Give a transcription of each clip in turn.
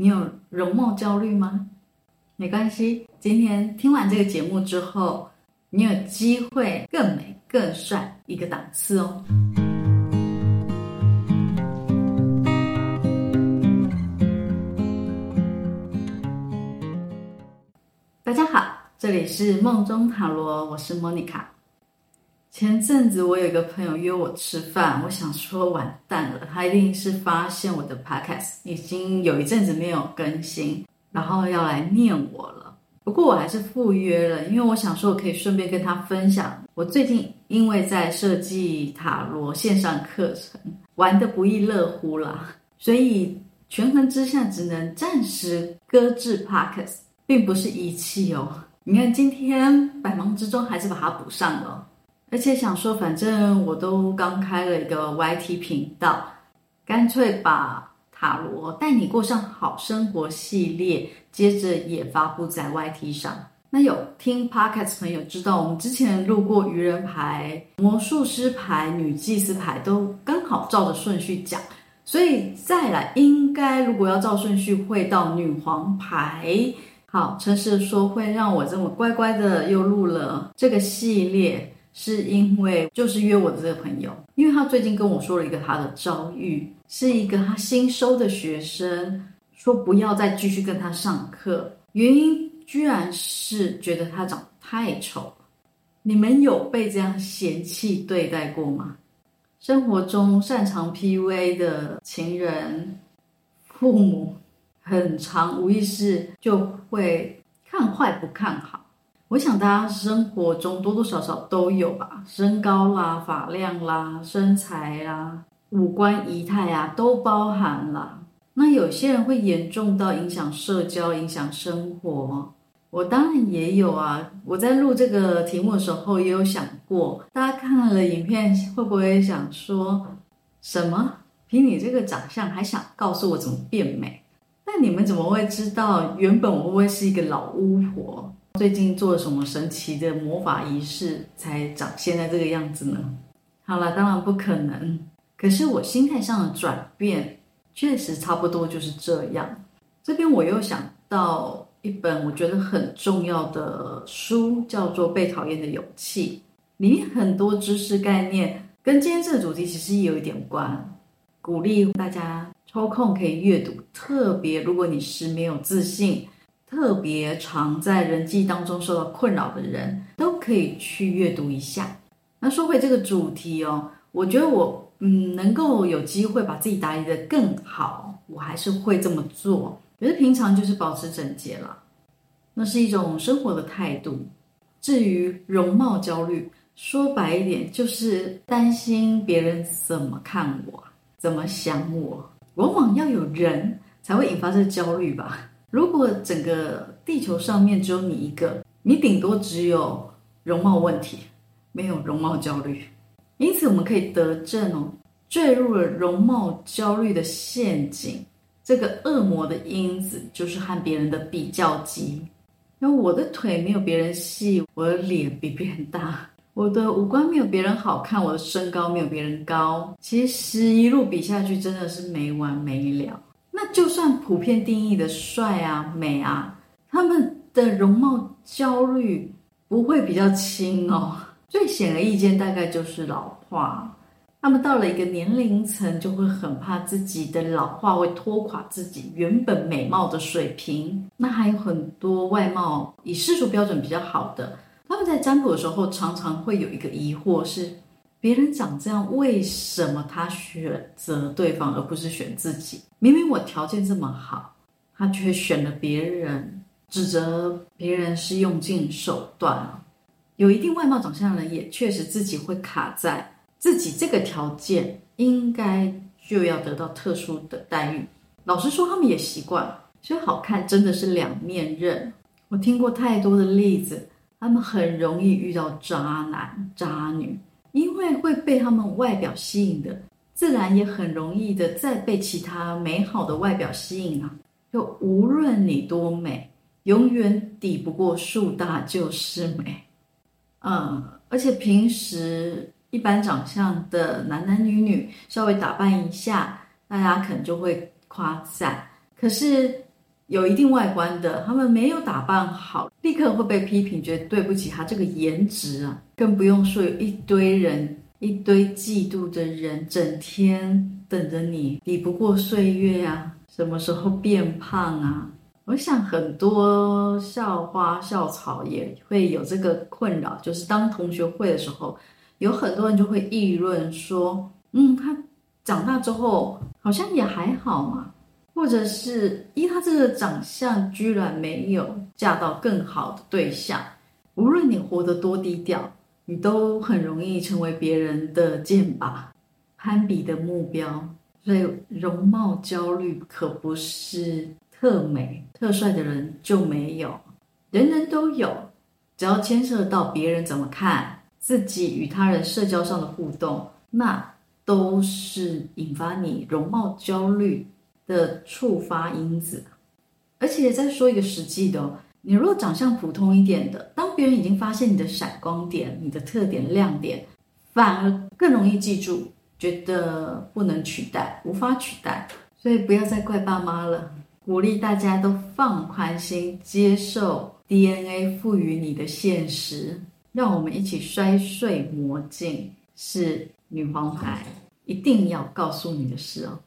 你有容貌焦慮嗎？沒關係，今天聽完這個節目之後，你有機會更美、更帥一個檔次哦！ 大家好，這裡是夢中塔羅，我是莫妮卡。前陣子我有一個朋友約我吃飯，我想說完蛋了，他一定是發現我的 podcast 已經有一陣子沒有更新，然後要來念我了。不過我還是赴約了，因為我想說我可以順便跟他分享，我最近因為在設計塔羅線上課程，玩得不亦樂乎了，所以權衡之下只能暫時擱置 podcast，並不是遺棄哦。你看今天百忙之中還是把它補上了。而且想說，反正我都剛開了一個 YT 頻道，乾脆把塔羅帶你過上好生活系列，接着也發布在 YT 上。那有聽 Podcast 朋友知道，我們之前錄過愚人牌、魔術師牌、女祭司牌，都剛好照着順序講，所以再來應該如果要照順序會到女皇牌。好，誠實說，會讓我這麼乖乖的又錄了這個系列。是因為就是約我的這個朋友，因為他最近跟我說了一個他的遭遇，是一個他新收的學生說不要再繼續跟他上課，原因居然是覺得他長得太醜。你們有被這樣嫌棄對待過嗎？生活中擅長 PUA 的情人、父母，很常無意識就會看壞不看好。我想，大家生活中多多少少都有吧，身高啦、啊、髮量啦、啊、身材啦、啊、五官儀態啊，都包含了。那有些人會嚴重到影響社交、影響生活。我當然也有啊。我在錄這個題目的時候，也有想過，大家看了影片會不會想說，什麼？憑你這個長相，還想告訴我怎麼變美？那你們怎麼會知道，原本我會是一個老巫婆？最近做了什麼神奇的魔法儀式，才長現在這個樣子呢？好了，當然不可能。可是我心態上的轉變，確實差不多就是這樣。這邊我又想到一本我覺得很重要的書，叫做《被討厭的勇氣》，裡面很多知識概念跟今天這個主題其實也有一點關。鼓勵大家抽空可以閱讀，特別如果你是沒有自信。特別常在人際當中受到困擾的人，都可以去閱讀一下。那說回這個主題哦，我覺得我嗯能夠有機會把自己打理得更好，我還是會這麼做。覺得平常就是保持整潔了，那是一種生活的態度。至於容貌焦慮，說白一點就是擔心別人怎麼看我，怎麼想我。往往要有人才會引發這個焦慮吧。如果整個地球上面只有你一個，你頂多只有容貌問題，沒有容貌焦慮。因此，我們可以得證哦，墜入了容貌焦慮的陷阱。這個惡魔的因子就是和別人的比較級。那我的腿沒有別人細，我的臉比別人大，我的五官沒有別人好看，我的身高沒有別人高。其實一路比下去，真的是沒完沒了。那就算普遍定義的帥啊、美啊，他們的容貌焦慮不會比較輕哦。最顯而易見，大概就是老化。他們到了一個年齡層，就會很怕自己的老化會拖垮自己原本美貌的水平。那還有很多外貌以世俗標準比較好的，他們在占卜的時候，常常會有一個疑惑是。別人長這樣，為什麼他選擇對方而不是選自己？明明我條件這麼好，他卻選了別人，指責別人是用盡手段。有一定外貌長相的人，也確實自己會卡在自己這個條件，應該就要得到特殊的待遇。老實說，他們也習慣了。其實好看真的是兩面刃，我聽過太多的例子，他們很容易遇到渣男渣女。因為會被他們外表吸引的，自然也很容易的再被其他美好的外表吸引啊！就無論你多美，永遠抵不過樹大就是美。嗯，而且平時一般長相的男男女女，稍微打扮一下，大家可能就會誇讚。可是。有一定外觀的，他們沒有打扮好，立刻會被批評，覺得對不起他這個顏值啊。更不用說有一堆人，一堆嫉妒的人，整天等着你，抵不過歲月啊。什麼時候變胖啊？我想很多校花、校草也會有這個困擾，就是當同學會的時候，有很多人就會議論說：“嗯，他長大之後好像也還好嘛。”或者是，依他這個長相，居然沒有嫁到更好的對象。無論你活得多低調，你都很容易成為別人的箭靶、攀比的目標。所以，容貌焦慮可不是特美特帥的人就沒有，人人都有。只要牽涉到別人怎麼看自己與他人社交上的互動，那都是引發你容貌焦慮的觸發因子，而且再說一個實際的哦，你如果長相普通一點的，當別人已經發現你的閃光點、你的特點、亮點，反而更容易記住，覺得不能取代、無法取代，所以不要再怪爸媽了。鼓勵大家都放寬心，接受 DNA 賦予你的現實。讓我們一起摔碎魔鏡，是女皇牌一定要告訴你的事哦。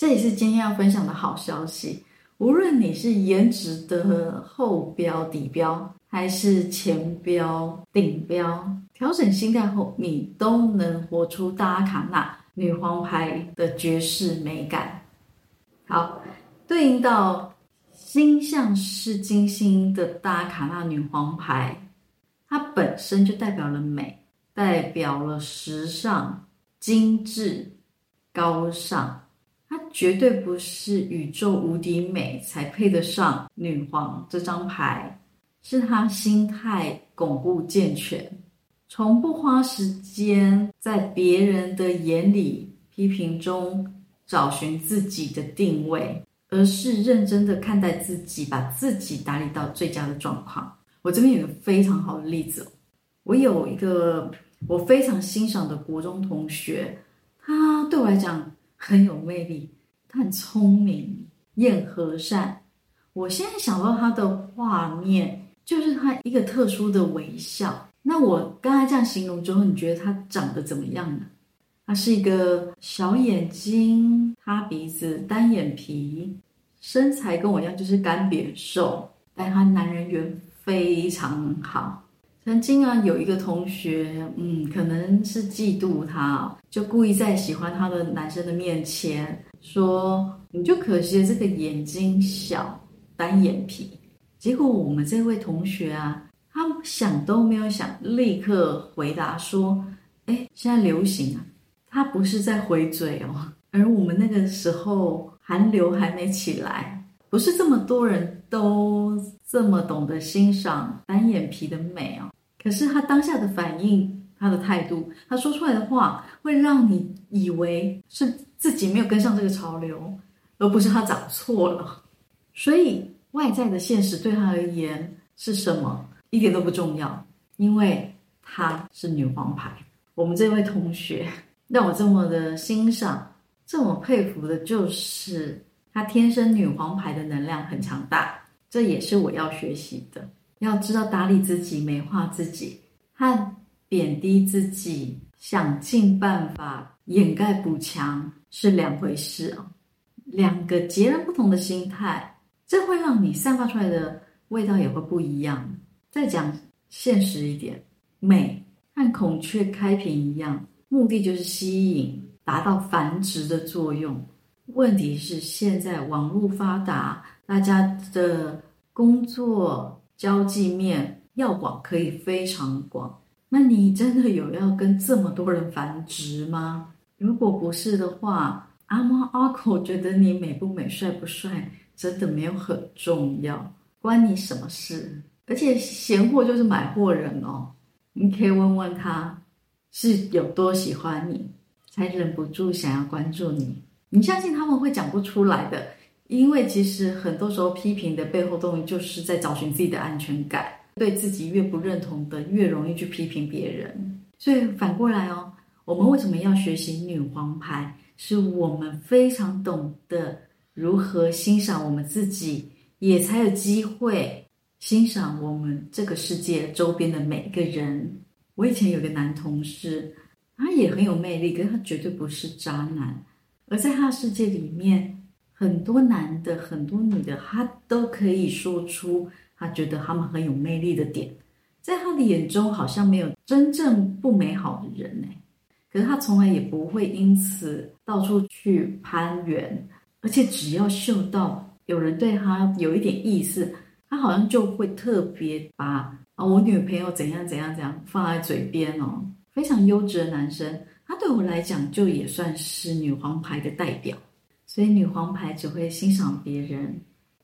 這也是今天要分享的好消息。無論你是顏值的後標、底標，還是前標、頂標，調整心態後，你都能活出大阿卡納女皇牌的絕世美感。好，對應到星象是金星的大阿卡納女皇牌，它本身就代表了美，代表了時尚、精緻、高尚。她絕對不是宇宙無敵美才配得上女皇這張牌，是她心態鞏固健全，從不花時間在別人的眼裡批評中找尋自己的定位，而是認真的看待自己，把自己打理到最佳的狀況。我這邊有一個非常好的例子，我有一個我非常欣賞的國中同學，他對我來講。很有魅力，他很聰明，也很和善。我現在想到他的畫面，就是他一個特殊的微笑。那我剛才這樣形容之後，你覺得他長得怎麼樣呢？他是一個小眼睛、塌鼻子、單眼皮，身材跟我一樣，就是乾癟瘦，但他男人緣非常好。曾經啊，有一個同學，嗯，可能是嫉妒他哦。就故意在喜歡他的男生的面前說：“你就可惜了這個眼睛小，單眼皮。”結果我們這位同學啊，他想都沒有想，立刻回答說：“哎，現在流行啊，他不是在回嘴哦。”而我們那個時候韓流還沒起來，不是這麼多人都這麼懂得欣賞單眼皮的美哦。可是他當下的反應。他的態度，他說出來的話，會讓你以為是自己沒有跟上這個潮流，而不是他講錯了。所以外在的現實對他而言是什麼，一點都不重要，因為他是女皇牌。我們這位同學讓我這麼的欣賞，這麼佩服的，就是他天生女皇牌的能量很強大。這也是我要學習的，要知道打理自己、美化自己貶低自己，想盡辦法掩蓋補強是兩回事哦、啊，兩個截然不同的心態，這會讓你散發出來的味道也會不一樣。再講現實一點，美和孔雀開屏一樣，目的就是吸引，達到繁殖的作用。問題是現在網絡發達，大家的工作交際面要廣，可以非常廣。那你真的有要跟這麼多人繁殖嗎？如果不是的話，阿貓阿狗覺得你美不美、帥不帥，真的沒有很重要，關你什麼事？而且嫌貨就是買貨人哦，你可以問問他，是有多喜歡你，才忍不住想要關注你？你相信他們會講不出來的，因為其實很多時候批評的背後動機，就是在找尋自己的安全感。對自己越不認同的，越容易去批評別人。所以反過來哦，我們為什麼要學習女皇牌？是我們非常懂得如何欣賞我們自己，也才有機會欣賞我們這個世界周邊的每個人。我以前有個男同事，他也很有魅力，可是他絕對不是渣男。而在他的世界裡面，很多男的，很多女的，他都可以說出。他覺得他們很有魅力的點，在他的眼中好像沒有真正不美好的人呢、欸。可是他從來也不會因此到處去攀援，而且只要嗅到有人對他有一點意思，他好像就會特別把啊，我女朋友怎樣怎樣怎樣放在嘴邊哦。非常優質的男生，他對我來講就也算是女皇牌的代表。所以女皇牌只會欣賞別人，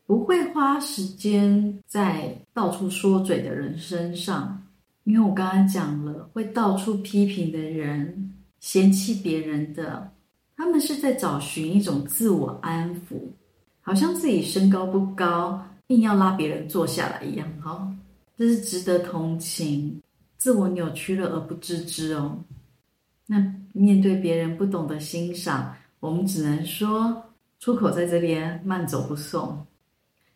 不會花時間在到處說嘴的人身上，因為我剛剛講了，會到處批評的人、嫌棄別人的，他們是在找尋一種自我安撫，好像自己身高不高，硬要拉別人坐下來一樣。好，這是值得同情，自我扭曲了而不自知哦。那面對別人不懂得欣賞，我們只能說：「出口在這邊，慢走不送。」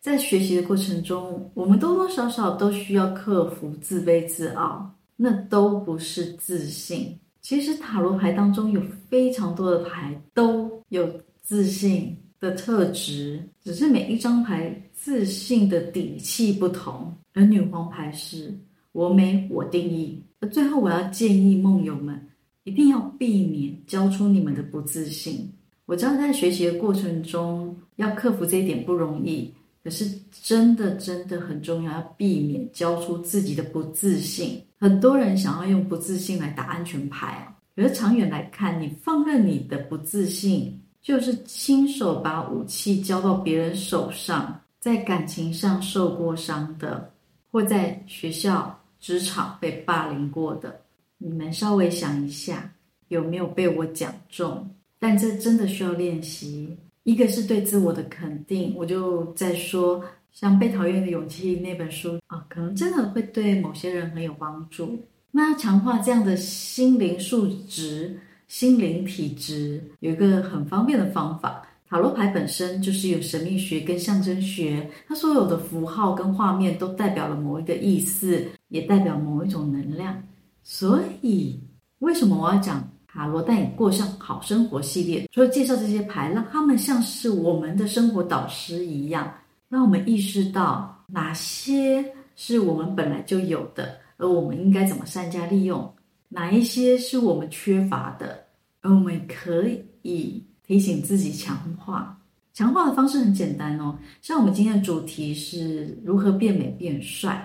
在學習的過程中，我們多多少少都需要克服自卑自傲，那都不是自信。其實塔羅牌當中有非常多的牌都有自信的特質，只是每一張牌自信的底氣不同。而女皇牌是我美，我定義。而最後，我要建議夢友們一定要避免交出你們的不自信。我知道在學習的過程中要克服這一點不容易。可是真的真的很重要，要避免交出自己的不自信。很多人想要用不自信來打安全牌啊，可是長遠來看，你放任你的不自信，就是親手把武器交到別人手上。在感情上受過傷的，或在學校、職場被霸凌過的，你們稍微想一下，有沒有被我講中？但這真的需要練習。一個是對自我的肯定，我就在說，像《被討厭的勇氣》那本書啊、哦，可能真的會對某些人很有幫助。那要強化這樣的心靈素質、心靈體質，有一個很方便的方法，塔羅牌本身就是有神秘學跟象徵學，它所有的符號跟畫面都代表了某一個意思，也代表某一種能量。所以，為什麼我要講？塔羅帶你過上好生活系列，所以介紹這些牌，讓他們像是我們的生活導師一樣，讓我們意識到哪些是我們本來就有的，而我們應該怎麼善加利用；哪一些是我們缺乏的，而我們可以提醒自己強化。強化的方式很簡單哦，像我們今天的主題是如何變美變帥，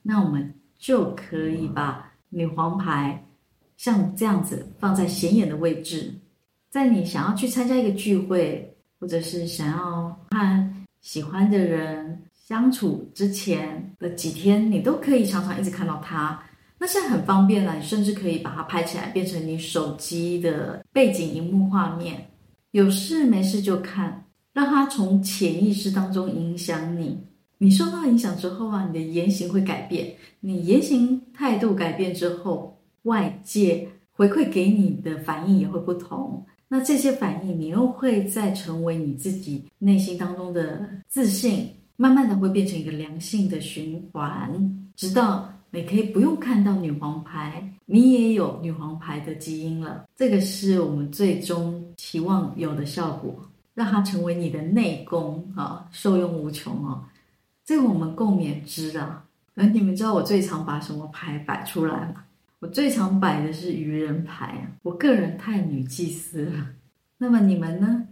那我們就可以把女皇牌，像這樣子放在顯眼的位置，在你想要去參加一個聚會，或者是想要和喜歡的人相處之前的幾天，你都可以常常一直看到它。那現在很方便了，你甚至可以把它拍起來，變成你手機的背景螢幕畫面。有事沒事就看，讓它從潛意識當中影響你。你受到影響之後啊，你的言行會改變，你言行態度改變之後，外界回饋給你的反應也會不同，那這些反應你又會再成為你自己內心當中的自信，慢慢的會變成一個良性的循環，直到你可以不用看到女皇牌，你也有女皇牌的基因了。這個是我們最終期望有的效果，讓它成為你的內功啊，受用無窮哦。這個我們共勉之啊。而你們知道我最常把什麼牌擺出來嗎？我最常擺的是愚人牌、啊，我個人太女祭司了。那麼你們呢？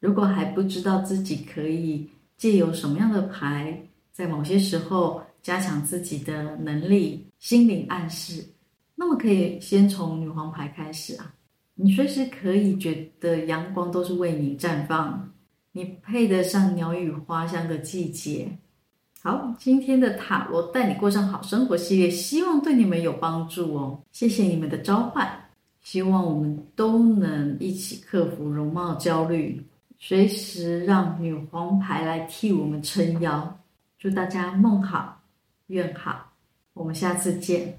如果還不知道自己可以借由什麼樣的牌，在某些時候加強自己的能力、心靈暗示，那麼可以先從女皇牌開始啊。你隨時可以覺得陽光都是為你綻放，你配得上鳥語花香的季節。好，今天的塔羅帶你過上好生活系列，希望對你們有幫助哦。謝謝你們的召喚，希望我們都能一起克服容貌焦慮，隨時讓女皇牌來替我們撐腰。祝大家夢好，願好，我們下次見。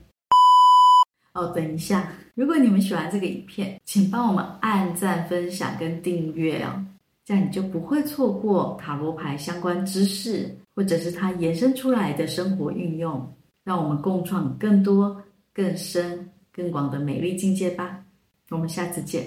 哦，等一下，如果你們喜歡這個影片，請幫我們按讚、分享跟訂閱哦，這樣你就不會錯過塔羅牌相關知識。或者是它延伸出來的生活運用，讓我們共創更多、更深、更廣的美麗境界吧！我們下次見。